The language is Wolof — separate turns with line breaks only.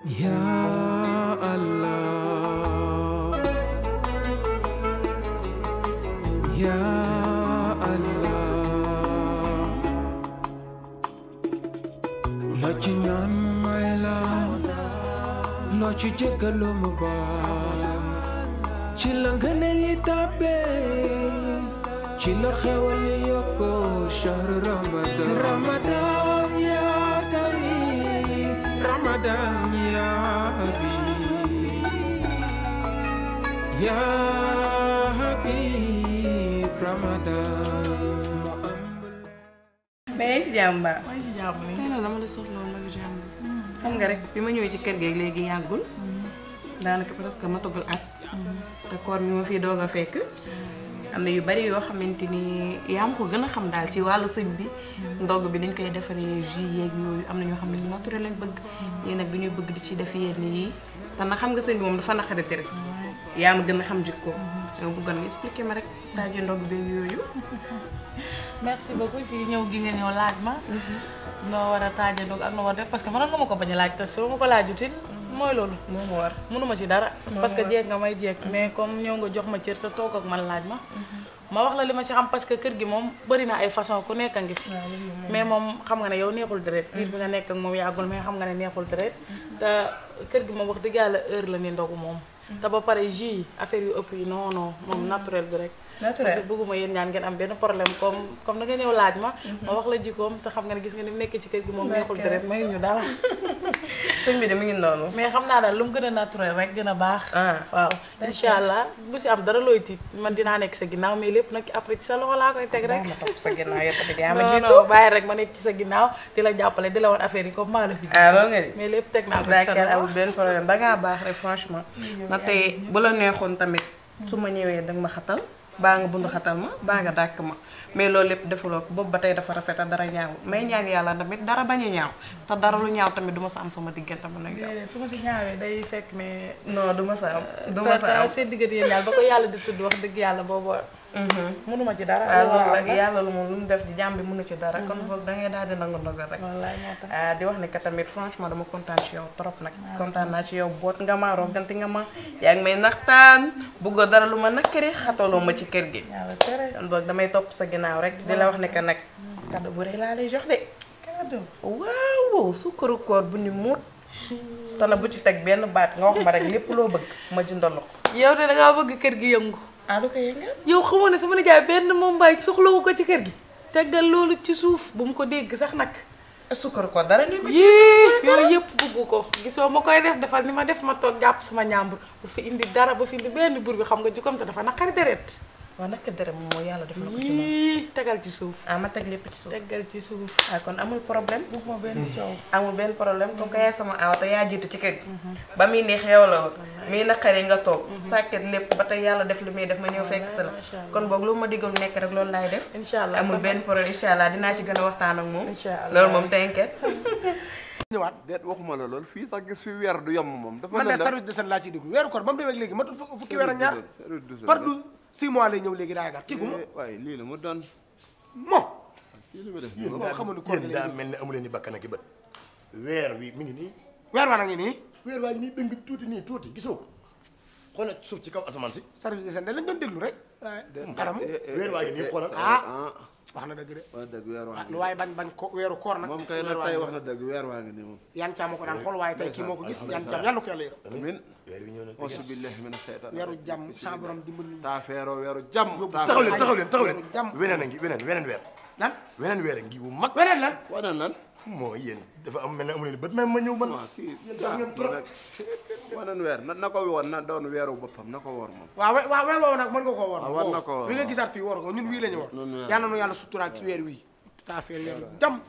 Ya Allah Ya Allah loo ci ñaan may la loo ci jéggalu mu baal ci la Ramadan غدا يا حبيب يا حبيب رمضان
mais jàmm ba. maa ngi si dama la soxla woon nag xam nga rek bi ma ci kër gi léegi yàggul. presque ma at. te koor mi ma fi fekk. am na yu bari yoo xamante ni yaa ngi ko gën a xam daal ci wàll sëñ bi mm-hmm. ndogg bi dañ koy defaree jus yeeg yooyu am na ñoo xam ne naturel lañ bëgg ñii nag dañuy bëgg di ci def yenn yi te na xam nga sëñ moom dafa naqarite rek mm-hmm. yaa ma a xam jikko mm-hmm. dama bëggoon nga expliquer ma rek
daaje ndogg beeg yooyu merci beaucoup si ñëw gi nga ñëw laaj ma noo war a taaje ndogg ak noo a def nga ma ko bañ a laaj te soo ma ko laajutin mooy loolu. moom ma war mënuma ci dara. parce que jeeg nga may jeeg. Mm-hmm. mais comme ñëw nga jox ma cër te toog ak man laaj ma. Mm-hmm. ma wax la li ma ci xam parce que kër gi moom bëri ay façon ku nekk a ngi fi. mais moom xam nga ne yow neexul deret. Mm-hmm. diir bi nga nekk ak moom yàggul mais xam nga ne neexul deret. kër gi moom wax dëgg yàlla heure la ni ndogu moom. ba pare affaire yu ëpp yi non non rek. naturel parce que bëgguma yéen ñaan ngeen am benn problème comme comme da nga ñëw laaj ma. ma wax la jikkoom te xam nga ne gis nga ni mu nekkee ci kër gi moom neexul deret mayu ñu dara. sëñ bi de mu ngi noonu. mais xam naa daal lu mu gën a naturel rek gën a baax. Ah. waaw incha allah bu si am dara looy tiit man dinaa nekk sa ginnaaw mais lépp nag après sa loxo laa koy teg rek. sa ginnaaw yow tamit ma jiitu non non ma nekk ci sa ginnaaw di la jàppale di la wan affaire yi comme maa la fi. ah loolu nga di mais lépp teg naa ko ci sa loxo amul benn problème da ngaa baax
rek franchement. na tey bu la neexoon tamit su ma ñëwee danga ma xatal baa nga bund xatal ma baa nga dàkk ma mais loolu lépp defuloo ko boobu ba tey dafa rafet dara ñaaw may ñaan yàlla tamit dara ba a ñaaw te dara lu ñaaw tamit duma ma sa am sama diggante man ak yow
su ma si ñaawee day fekk mais
non du ma sa am du ma sa am seen
diggante yéen daal ba ko yàlla di tudd wax dëgg yàlla booboo
mënuma ci dara loolu la yàlla lu mu lu def ci jàmm bi mënu ci dara kon boog da ngay daal di nangu ndogal rek di wax ne que tamit franchement dama kontaan ci yow trop nag kontaan naa ci yow boot nga ma rogganti nga ma yaa ngi may naxtaan bëggoo dara lu ma nakkari xataloo ma ci kër gi kon boog damay topp sa ginnaaw rek di la wax ne que nag kaddu bu rëy laa lay jox de kaddu waaw Ya koor bu ni muut te bu ci teg benn baat nga wax
ma rek lépp loo bëgg ma jëndal ko yow de da ngaa bëgg kër gi yëngu allo ko yëngal. yow xamoon ne sama nijaay benn moom mbaay soxlawu ko ci kër gi. teggal loolu ci suuf bu mu ko dégg sax nag. sukkar ko dara ñu ko ci. yooyu yëpp bugg ko gisoo ma koy def defal ni ma def ma toog jàpp sama ñàmbur bu fi indi dara ba fi indi benn buur bi xam nga jikkoom te dafa naqari deret waa naka
dërëm moo yàlla def na ko ci moom tegal ci suuf ah ma teg lépp ci suuf tegal ci suuf ah kon amul problème bugguma ben hmm. coow amul benn problème comme que sama aaw te yaa jiitu ci kër gi mhm. ba muy neex yow la woon muy naqari nga toog mhm. sàkket lépp ba tey yàlla def li muy def ma ñëw fekk si la kon boog lu ma diggal rek loolu laay def incha allah amul benn problème incha allah dinaa ci gën a waxtaan ak moom loolu moom
tenket ñëwaat déet waxuma la lool fii sax gis fi weer du yomb moom dafa man de service de sen laa ciy déglu weeru koor ba mu demee léegi matul fukki weer ak ñaar par six la lay ñëw léegi daa gàtt kii guma waaye lii la mu doon moom yéen xamoon ne yéen daa mel ne amu leen ni bakkan ak i bët weer wi mi ngi nii weer waa na ngi nii weer waa ngi nii dëng tuuti nii tuuti gisoo ko xoolal suuf ci kaw asamaan si service de sen lañ doon déglu rek adama weer waa ngi nii xoolal wax na dëgg de. wax na dëgg weer waa ah, ngi waaye bañ bañ ko weeru koor nag. moom kay nag tey wax na dëgg weer waa ngi nii moom. yan caama ko daan xool waaye tey kii moo ko gis yan caam yàlla ko yàlla yërëm. amiin weer wi ñëw na auzu billaahi mina seytaan weeru jàmm sa borom dimbali. taafeeroo weeru jàmm. yóbbu taxaw leen taxaw leen taxaw leen. weneen a ngi weneen weneen weer. lan weneen weer a ngi bu mag. weneen lan weneen lan. moo yéen dafa am mel ne amu leen bët même ma ñëw man. waaw kii daf ngeen trop moo doon weer na na ko woon na doon weeru boppam na ko woor moom. waaw waaw weer woowu nag man nga ko woor. waaw ah, war na koo woor wi nga gisaat fii woor ko ñun wii la ñu woor. yàlla na yàlla suturaal ci weer wii. taa feer weer dam